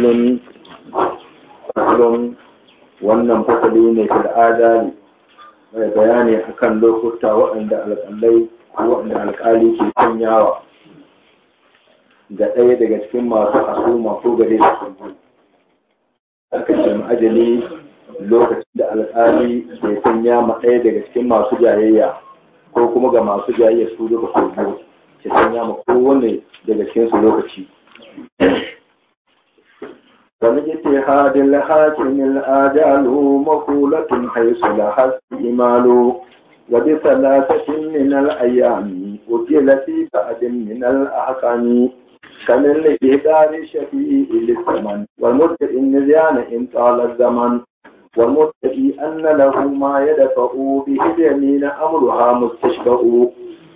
faslun faslun wannan fasali ne fil adali mai bayani kan lokuta waɗanda alƙalai waɗanda alƙali ke sanyawa ga ɗaya daga cikin masu asu masu gare da su aka ce ajali lokacin da alƙali ke sanya ma ɗaya daga cikin masu jayayya ko kuma ga masu jayayya su duka ko ke sanya ma kowane daga cikin su lokaci فالاجتهاد الحاكم الآجال مقولة حيث لها استعمال وبثلاثة من الأيام وكل في بعد من الأحكام كمن لإهدار الشفيء للثمن والمتقي النزيان إن طال الزمن والمتقي أن له ما يدفع به اليمين أمرها مستشفى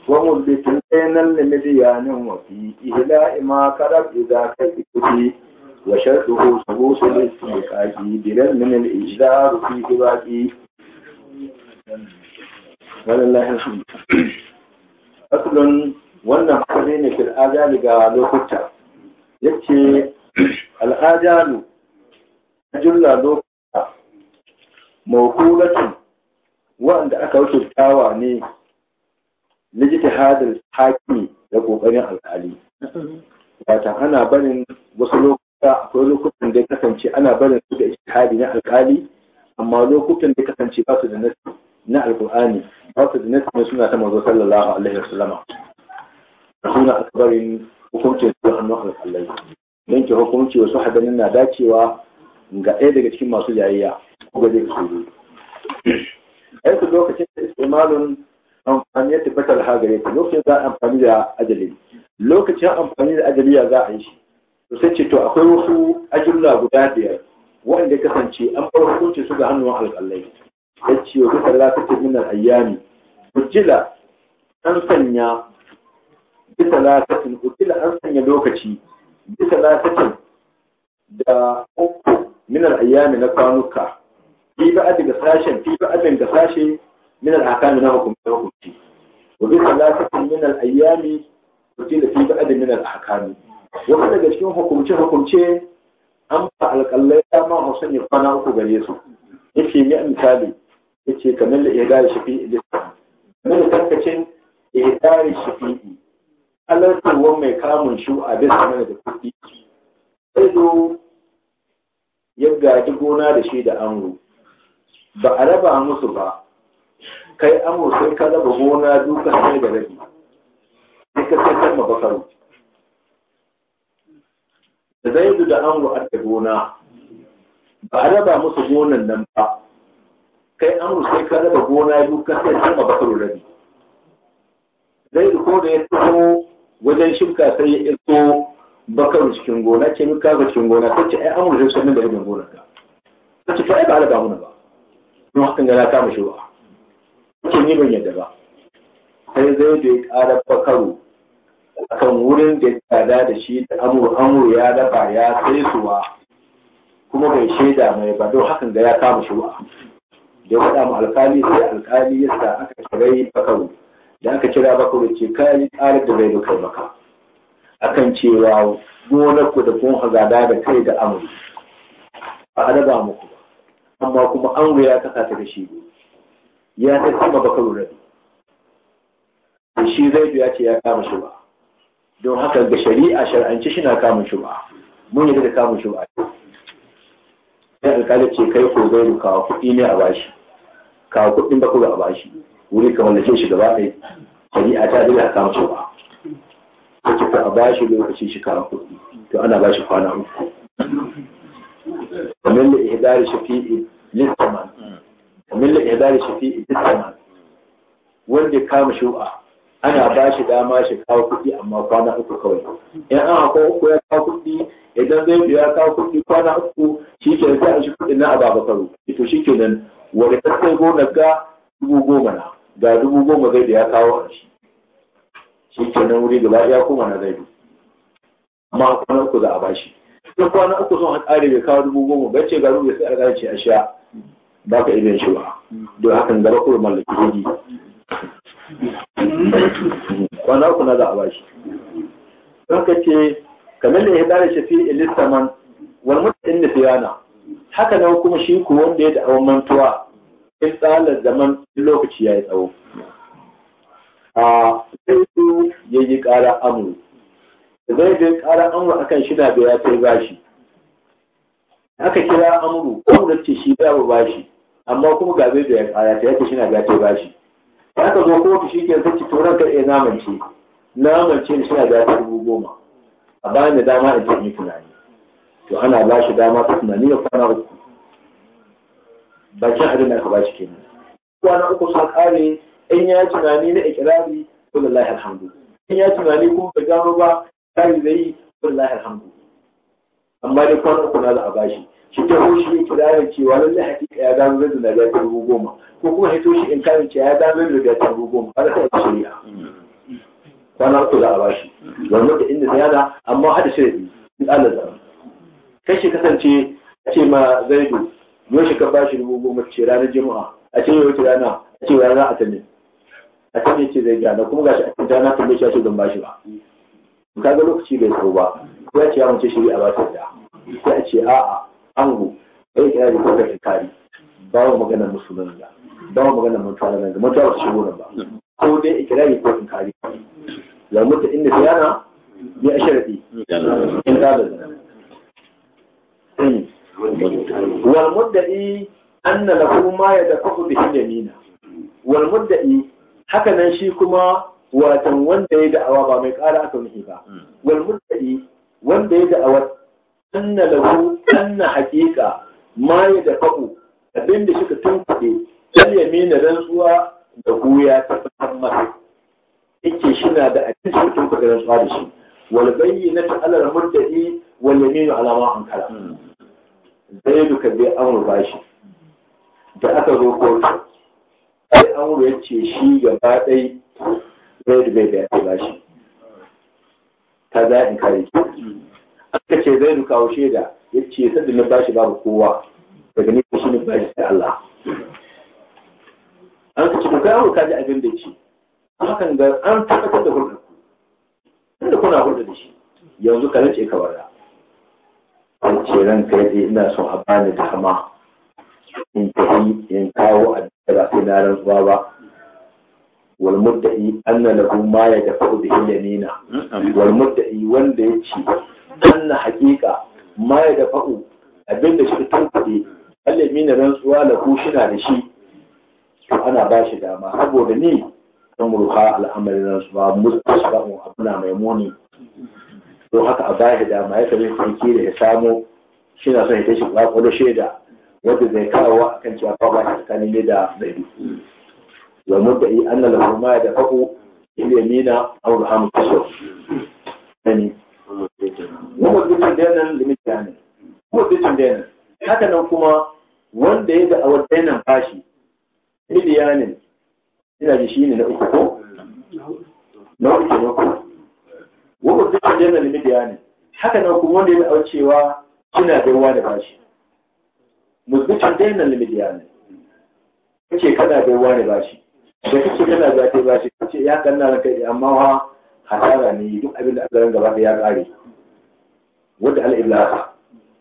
ومثبت بين المذيان وفي إهلاء ما كرب إذا كذب وشرطه ثبوت الاستحقاق بلزم الإجدار في سباقه ولله الحمد أصل wannan hakane ne fil ajalu ga lokuta yace al ajalu julla lokuta mawqulatun wanda aka wakiltawa ne lijtihadul hakimi da kokarin alkali wata ana barin wasu lokuta akwai lokutan da ya kasance ana barin su da ijtihadi na alkali amma lokutan da ya kasance ba su da nasi na alkur'ani ba su da nasi na suna ta mazo sallallahu alaihi wasallam suna akbarin hukuncin su annu alkalai don ki hukunci wasu hadanin na dacewa ga ɗaya daga cikin masu jayayya ko ga zai su aiki lokacin da isa istimalun amfani da tabbatar ha gare ta lokacin za a amfani da ajali lokacin amfani da ajali ya za a yi shi to sai ce to akwai wasu ajulla guda biyar wanda kasance an bar hukunci su ga hannun alƙalai ya ce wa duka lafafin minar ayyami ujila an sanya bisa kace ujila an sanya lokaci bisa kace da uku minar ayyami na kwanuka fi ba daga sashen fi ba da sashe minar akami na hukumta hukunci wa bisa lafafin minar ayyami ujila fi ba min minar akami wani daga cikin hukumce-hukumce an ba alƙalai dama hausa ne kwana uku gare su yace ya misali yace kamar da ya gari shafi'i da kamar da tankacin ya gari shafi'i alartarwar mai kamun shu a bisa mana da kuɗi sai zo ya gaji gona da shi da ango ba a raba musu ba kai amur sai ka raba gona duka sai da rabi sai ka sai kan mabakaru da zaidu da ango a gona ba a raba musu gonan nan ba kai amru sai ka raba gona biyu ka sai sama bakar rabi zaidu ko da ya taho wajen shimka sai ya iso bakar cikin gona ce muka ga cikin gona ta ce ai amru sai sanin da irin gonar ka ta ce to ai ba a raba muna ba don hakan ga na kama shi ba ce ni ban yadda ba sai zaidu ya ƙara bakaru kan wurin da tsada da shi da amur amur ya dafa ya sai suwa kuma bai shaida mai ba don hakan da ya kama shi wa da wada mu alkali sai alkali ya sa aka kira bakaru da aka kira bakaru ce kai ƙarar da bai da baka akan cewa gonar ku da kun hazada da kai da amur ba a daba muku ba amma kuma amur ya kasa ta da shi ya sai kuma bakaru rabi shi zai biya ce ya kama shi ba don haka ga shari'a shar'anci shi na kamun shuba mun yi da kamun shuba ya alƙalar ce kai ko zai wa kuɗi ne a bashi kawo kuɗin da kuɗi a bashi wuri ka ke shi gaba ɗaya shari'a ta dole kama kamun ta ce ka a bashi lokaci shi kawo kuɗi to ana bashi kwana uku kamar da ihdari shafi'i littaman kamar da ihdari shafi'i littaman wanda kama shuba ana ba shi dama shi kawo kuɗi amma kwana uku kawai in an hako uku ya kawo kuɗi idan zai biya ya kawo kuɗi kwana uku shi ke da a shi kuɗi na ababa karo ito shi ke nan, wani kasai gona ga dubu goma na ga dubu goma zai da ya kawo a shi shi ke nan wuri gaba ya kuma na zai amma kwana uku za a ba shi sai kwana uku sun hatsari bai kawo dubu goma bai ce garu bai sai a gane a sha ba ka iya shi ba don hakan gaba kuma mallaki kwana kuna za a bashi don ka ce kamar da ya dare shafi ilistaman wal mutum da fiyana haka nan kuma shi ku wanda ya da'awar mantuwa in tsalar zaman lokaci ya yi tsawo a sai ya yi ƙara amuru zai je ƙara amuru akan shida da ya kai bashi aka kira amuru ko da ce shi ba bashi amma kuma ga zai da ya ƙara ta yake shina ga sai bashi za ka zo kotu shi ke sace to ranka iya namance namance shi na da dubu goma a bayan da dama in jirgin tunani to ana ba shi dama ta tunani da kwana uku bakin abin da ka ba shi kenan kwana uku sun kare in ya tunani na ikirari to lahar hannu. in ya tunani ko da gano ba kai zai yi to lahar hannu. amma dai kwana uku na da a ba shi shi da hoshi ya kira da cewa lallai hakika ya gano zai da ya dubu goma ko kuma hito shi in karin cewa ya gano zai da ya dubu goma ba da ta shirya. kwana uku za a bashi wannan da inda ziyara amma hada shirya duk Allah zama kai shi kasance a ce ma zaidu yau ka bashi dubu goma ce ranar juma'a a ce yau rana a ce rana a tanin a tanin ce zai gana kuma gashi a cikin rana tambaye shi ya ce don bashi ba ka ga lokaci bai so ba ko ya ce ya mace shiri a ba ta da sai a ce a'a anhu ai ina da kuka ta kari babu magana musulun da babu magana mutuwa da mutuwa ba su shigo nan ba ko dai ikirari ko in kari ya mutu inda tiyana bi a sharadi in da da hmm. wal muddai anna lahu ma yadfahu bi yamina wal muddai haka nan shi kuma watan wanda ya da'awa ba mai ƙara aka nufi ba hmm. wal muddai wanda ya da'awa anna lahu anna hakika ma ya da faɗo abinda suka tunkuɗe sai ya mina rantsuwa da goya ta fatan masa yake shi na da abin da suka tunkuɗe rantsuwa da shi wal bayyinatu ala al-muddai wal yaminu ala ma ankara zaidu ka bai amur bashi da aka zo kotu sai amur ya ce shi gaba ɗai zaidu bai bai bashi ta za in kare ki aka ce zai kawo shaida ya ce sadda na bashi babu kowa daga ne shi ne bashi sai Allah an ka ce ku kai ka ji abin da ce hakan ga an tabbatar da hulɗa ku da kuna hulɗa da shi yanzu ka nace ka wara an ce ran kai dai ina son a bani dama in tafi in kawo addu'a ba sai na rantsuwa ba wal mudda'i anna lahu ma yadfa'u bihi yamina mm-hmm. wal mudda'i wanda ya ce anna haƙiƙa ma ya da fa'u abinda shi ta kuɗi alimi na rantsuwa da ku shi da shi to ana ba shi dama saboda ni don ruha al'amarin rantsuwa mu abuna mai muni to haka a ba shi dama ya kabe sarki da ya samo shi na son ya tashi ba da shaida wanda zai kawo a kan cewa ba shi tsakanin ne da zai wa mudda'i anna lahu ma da fa'u na aw ani kuma dukkan dainan limita ne kuma dukkan dainan haka nan kuma wanda ya da'awar dainan fashi midiyanin ina da shi ne na uku ko na uku ne ko wanda dukkan dainan midiyanin haka nan kuma wanda ya da'awar cewa kina baiwa da bashi musbitan dainan midiyanin kace kana baiwa da bashi da kake kana zafi bashi kace ya kanna ranka amma wa hasara ne duk abin da aka ranga ba ya kare wanda ala ibla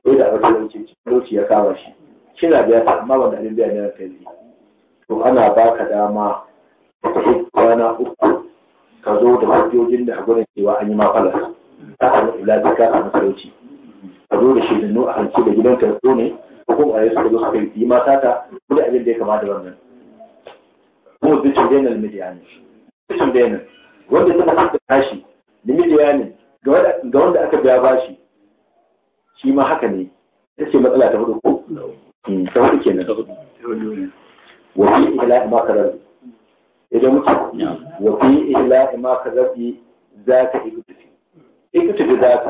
sai da abin da wuce lokaci ya kama shi kina biya ta amma wanda alin biya ne na kai to ana baka dama ka yi kwana uku ka zo da hujjojin da a gurin cewa an yi ma ta ka samu ibla ka samu sauci ka zo da shirinnu a hanci da gidan ko ne ko kuma a yi suka zo suka yi mata ta ko da abin da ya kamata wannan mu bitin denar midiyani bitin denar wanda ta suka tashi da midiyani ga wanda aka biya bashi shi ma haka ne ita ce matsala ta hudu ko hmm, ta hudu ke nan wafi ila ma rabi? idan muke wafi fi ila ma rabi za ka ikutufi ikutufi za ka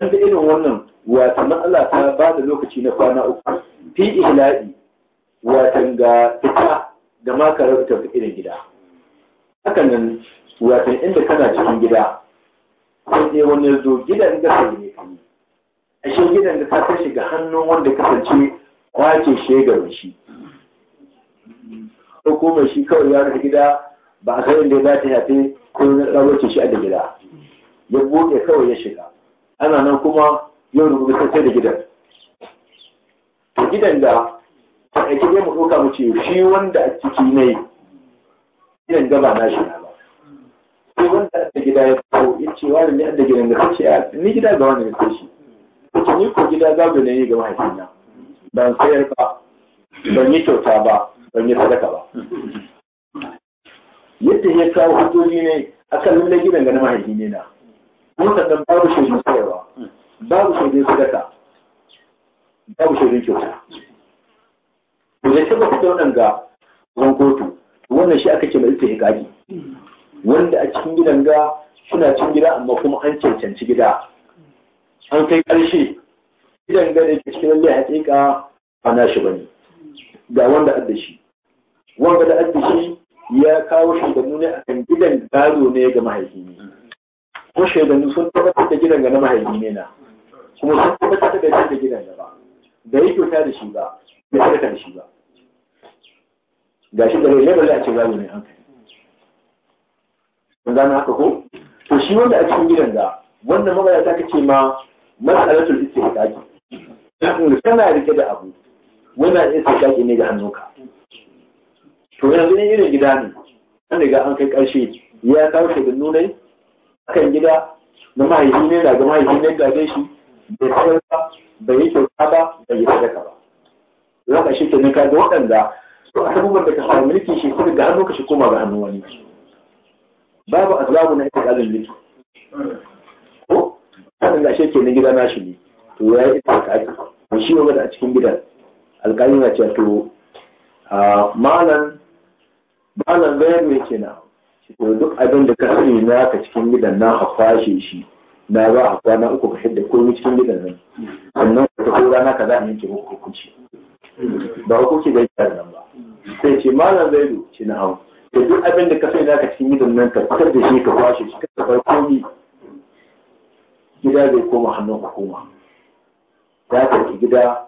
tunda irin wannan wata matsala ta ba da lokaci na kwana uku fi ila'i wata ga fita da ma rabi ta irin gida hakan nan wata inda kana cikin gida sai dai wani zo gidan gasa ne kan ashe gidan da ta kashe ga hannun wanda kasance kwace shegar shi hukumar shi kawai ya rufe gida ba a sanin da ya dace hafi ko rawarce shi a da gida ya buɗe kawai ya shiga ana nan kuma yau kuma sai da gidan to gidan da ta ake ne mu ɗauka mu ce shi wanda a ciki ne gidan gaba na shi ba sai wanda a gida ya kawo ya ce wani ne a da gidan da ta ce ni gida ga wani ne ta shi ce ni ko gida gado ne yi ga mahaifina ban sayar ba ban yi kyauta ba ban yi sadaka ba yadda ya kawo hujjoji ne akan lalle gidan ga na mahaifina na mun sannan babu shaidun sayarwa babu shaidun sadaka babu shaidun kyauta to da taba fito nan ga wani kotu wannan shi aka ce mai ita hikari wanda a cikin gidan ga suna cin gida amma kuma an cancanci gida an kai ƙarshe idan gane cikin da haƙiƙa a nashi shi bane ga wanda adda shi wanda da adda shi ya kawo shugabu ne akan gidan gado ne ga mahaifi ne ko shaidannu sun tabbatar da gidan ga na mahaifi ne na kuma sun tabbatar da shi da gidan da ba da yi kyauta da shi ba bai sadaka da shi ba ga shi da rai ne ba za a ce gado ne an kai mun gano haka ko to shi wanda a cikin gidan da wanda magana ta kace ma mas'alatul istiqaqi in kana rike da abu wannan istiqaqi ne ga hannunka to yanzu ne irin gida ne an riga an kai karshe ya kawo da nunai akan gida na mahaifi ne daga mahaifi ne gaje shi bai kawar ba bai yi kyauta ba bai yi sadaka ba zaka shi kenan ka ga waɗanda to abubuwan da ka samu mulki shi kuma ga hannu ka shi koma ga hannu wani babu azlamu na ita kalin mulki hakan gashe ke na gida nashi ne to ya yi ita alƙali to shi wa a cikin gidan alƙali na ce to malam malam bayar mai kenan to duk abin da ka sani na ka cikin gidan na a kwashe shi na za a kwana uku ka hidda komai cikin gidan nan sannan ka tafi rana ka za a yanke muku hukunci ba hukunci da yake nan ba sai ce malam zaidu ce na hau to duk abin da ka sani na ka cikin gidan nan ka fitar da shi ka kwashe shi ka tafi komai gida zai koma hannun hukuma ta ɗauki gida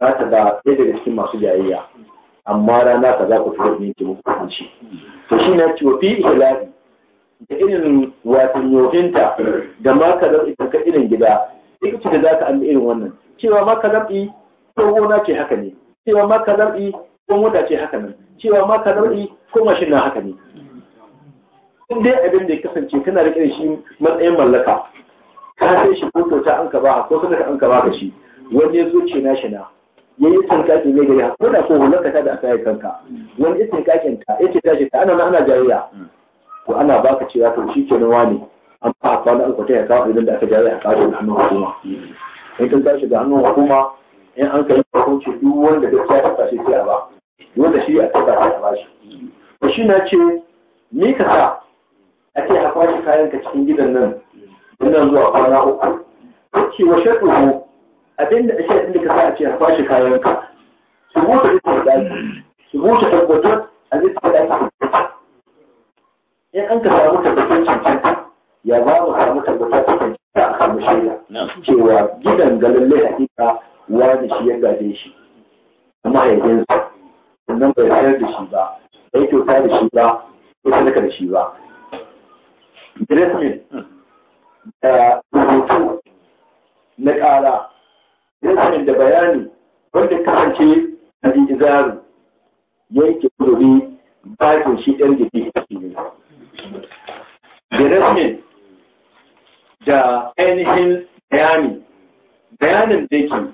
za ta da ɗaya daga cikin masu jayayya amma rana ta za ku fi wani yanke muku kanci to shi na ciwo fi ihlali da irin watan yohinta da ma ka zaɓi ka irin gida duk da za ka ambi irin wannan cewa ma ka zaɓi ko gona ce haka ne cewa ma ka zaɓi ko mota ce haka nan cewa ma ka zaɓi ko mashin na haka ne in dai abin da ya kasance kana da irin shi matsayin mallaka ka sai shi ko kyauta an ka ba ko ka an ka ba ka shi wani ya zo ce na shi na ya yi tinkakin mai gari ko da ko hulaka ta da aka yi kanka wani ya tinkakin ta ya ce tashi ta ana na, ana jariya to ana baka cewa to shi kenan wani an ba a kwana an kwata ya kawo idan da aka jariya a kawo hannun hukuma in kan tashi da hannun hukuma in an kai hukunci duk wanda duk ya tafa shi sai a ba wanda shi a tafa sai a ba shi to shi na ce ni ka sa ake haƙwa shi kayan ka cikin gidan nan wannan zuwa kwana uku ce wa shaɗuhu abinda a shaɗin da ka sa a ce ba shi kayan ka su huta da tsardani su huta tabbatar a zai tsardani in an ka samu tabbatar cancanta ya ba mu samu tabbatar cancanta a samu shaida cewa gidan ga lallai hakika wani shi ya gaje shi amma ya yi sannan bai sayar da shi ba bai kyauta da shi ba bai sadaka da shi ba. Dressman hmm. rubutu na ƙara rinsanin da bayani wanda kasance a yi izaru yanke kuri bakin shi ɗan gidi ne da rasmin da ainihin bayani bayanin da ke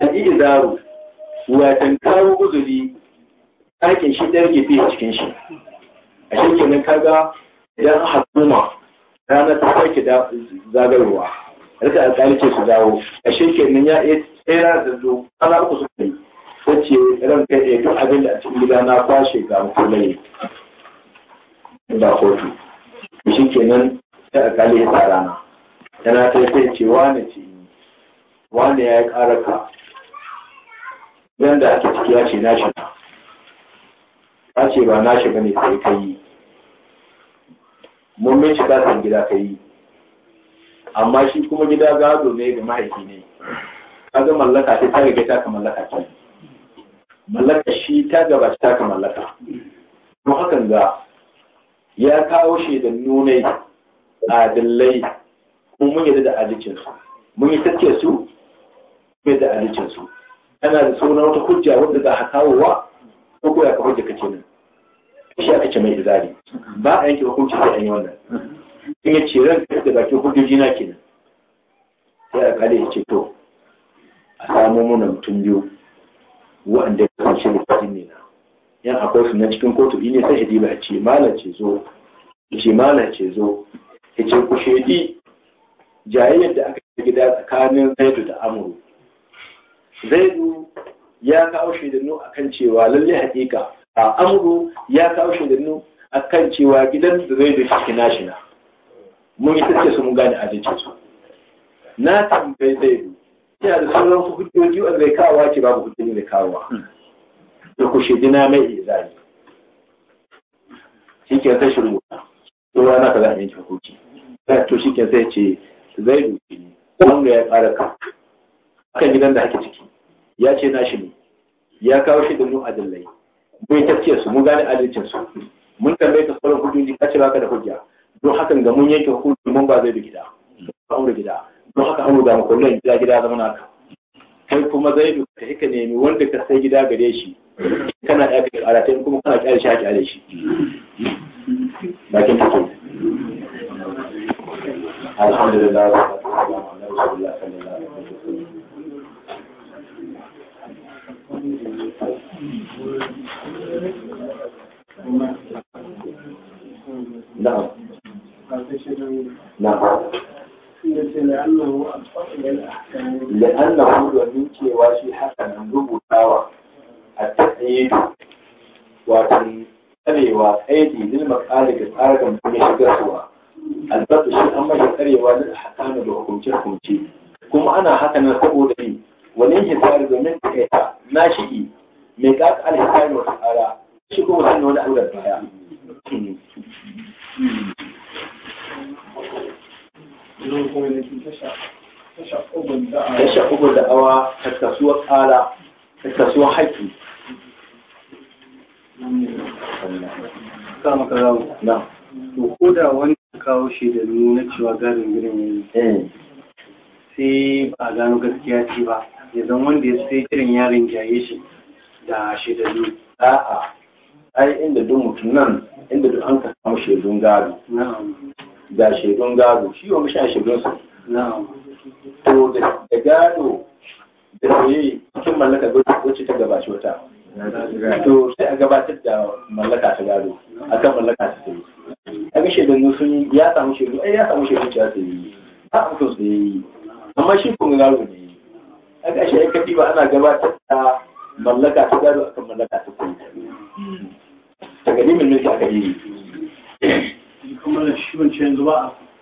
a izaru wajen kawo uzuri bakin shi ɗan gidi cikin shi a shi kenan kaga idan hukuma ranar ta sake zagarwa rika alƙali su dawo a nan ya iya tsera da zo ana uku suka yi wacce ran kai ɗaya duk abin da a cikin gida na kwashe ga mutumai da kotu shi kenan ta alƙali ya sa rana yana ta sai ce wane ce wane ya yi ƙararka yadda ake ciki ya ce shi ba ce ba nashi ba ne sai ka yi mummin shiga kan gida ka yi amma shi kuma gida gado ne ga mahaifi ne ga mallaka ta ta riga ta ka mallaka ta mallaka shi ta gaba ta ka mallaka don hakan ga ya kawo shi da nunai adillai kuma mun yadda da adalcinsu mun yi tacce su yadda da su? yana da sunan wata hujja wadda za a kawowa ko ko ya ka hujja kace nan shi aka ce mai izali ba a yanke hukunci sai an yi wannan in ya ce ran da bakin hujjoji na kenan sai a kare ya ce to a samu muna mutum biyu wanda ya kasance lokacin ne na yan akwai su na cikin kotu ne sai hadi ba ce mala ce zo ce mala ce zo ya ce ku shaidi jayayyar da aka yi gida tsakanin zaidu da amuru zaidu ya kawo shaidannu akan cewa lalle hakika amuru ya kawo shugabannu a kan cewa gidan da zai da shi nashina. shi na mun yi tattace su mun gane adalci su na tambayi zai bu ya da sauran su hujjoji wanda zai kawo ce babu hujjoji da kawo da hmm. ku shaidina mai izali shi ke ta shirin wuta to rana ka za a yanke hukunci to shi ke sai ce zai du wanda ya ƙara kan gidan da ake ciki ya ce na shi ne ya kawo shi da mu adalai bai tafke su mun gane adalcin su mun tambaye ka sauran hujjoji ka ce baka da hujja don hakan ga mun yanke hukunci mun ba zai bi gida aure gida don haka aure ga makullin gida gida zama naka kai kuma zai bi ka hika nemi wanda ka sai gida gare shi kana da aka kara ta kuma kana kyale shi haka kyale shi bakin take alhamdulillah لأنه domin cewa shi hakanan rubutawa a tsaye watan tsarewa aidi lil maqali ga tsarin da ya shiga suwa albatu shi an mai tsarewa da hakanan da hukunce hukunce kuma ana hakanan saboda yi wani hisari domin tsaita na shi mai kaka alhisari wa tsara kuma wani baya Thank you. tashaqqubun da'awa takkasuwar tsara takkasuwar haƙƙi kama ka zawo na to ko da wani kawo shi da nuna cewa gadon gidan yayi sai ba a gano gaskiya ce ba ya zan wanda ya sai kiran yaron jaye shi da shi da ni a'a ai inda duk mutum nan inda duk an ka samu shaidun gado da shaidun gado shi wa mashi shaidun sa to da gado da soyayya cikin mallaka wacce ta gabaci wata to sai a gabatar da mallaka ta gado akan mallaka ta sayi a ga shaidannu sun ya samu shaidu ai ya samu shaidu ta sayi ba a mutum da yi amma shi kun gado ne a ga shi aikafi ba ana gabatar da mallaka ta gado akan mallaka ta sayi ta gani min mulki aka yi kuma shi wancan yanzu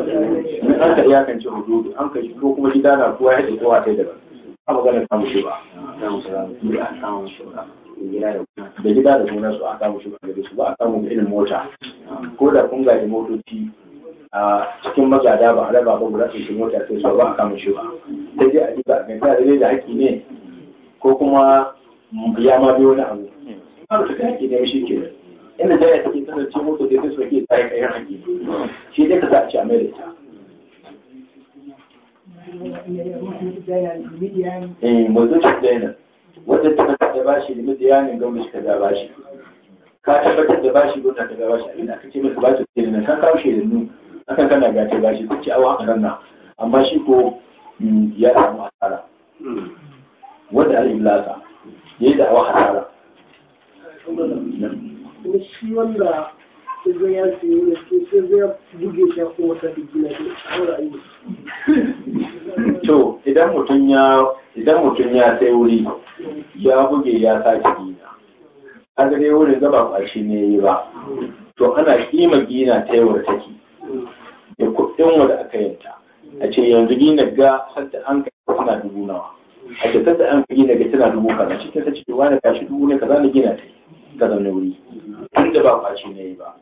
in an ka iyakance hududu an ka ko kuma gida na kuwa ya shigo a kai daga a magana ta mushe ba da gida da gona su a samu shi gare su ba a samu irin mota ko da kun gaji motoci a cikin magada ba a raba ba guda su mota sai su ba a samu shi ba sai dai a duba a ganta da da haƙƙi ne ko kuma ya ma biyo wani abu. Ba ta haƙƙi ne shi ke inda jaya take kasance musu da su ke tsaye kayan hangi shi dai ka za a ci a mai eh mutum ta daina wanda ta kasa da bashi da midiyanin shi ka za bashi ka tabbatar da bashi gwamnati ka za bashi abin da aka ce masa bashi da nan kan kawo shaidannu akan kana gace bashi duk ci awa a nan amma shi ko mm, ya samu asara wanda al'imlasa ya yi da awa hasara kuma shi wanda sai zai ya ce ne sai zai buge shi ko wata digina a to idan mutum ya idan mutum ya sai wuri ya buge ya sake gina a gare wuri zaba kwashi ne yi ba to ana kima gina ta wata take da kuɗin wanda aka yanta a ce yanzu gina ga hatta an kai tana dubu nawa a cikin sadda an gina ga tana dubu kaza cikin ta ce wani gashi dubu ne kaza na gina ta yi ka zaune wuri tun da ba kwace ne ba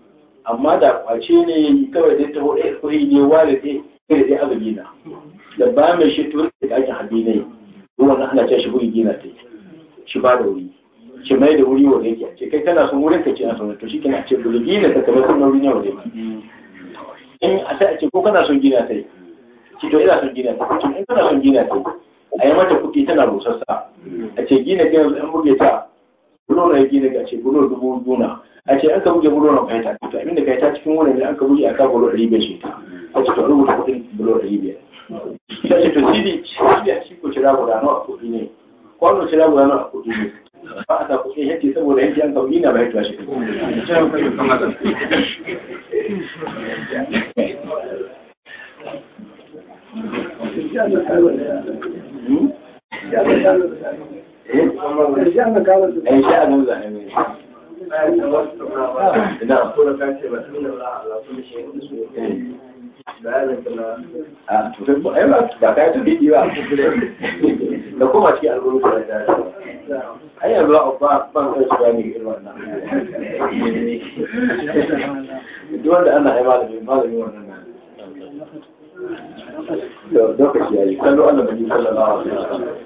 amma da kwace ne kawai dai ta hudu eh, kuri ne ware dai kai dai azumi na da ba mai shi to da ake haɗi ne ruwan ana ce shi wuri gina ta shi ba da wuri shi mai da wuri wa yake ce kai kana son wurin ka ce na son to shi kana ce wuri gina ta kamar sun wuri ne wa in a sai a ce ko kana son gina ta ci to ina son gina ta ci in kana son gina ta a yi mata kuɗi tana rusassa a ce gina gina in buge ta bulo na yake daga ce bulo dubu duna a ce an ka buge bulo na kai ta inda kai ta cikin wurin an ka buge ɗari ce a ce to ɗari biyar ta ce to sidi sidi a cikin a ne kwano cira a ne ba a sa saboda yake an ka buge na Ya in sha Allah za a yi Ina kura ka ba A ba ba ba ba. ba ba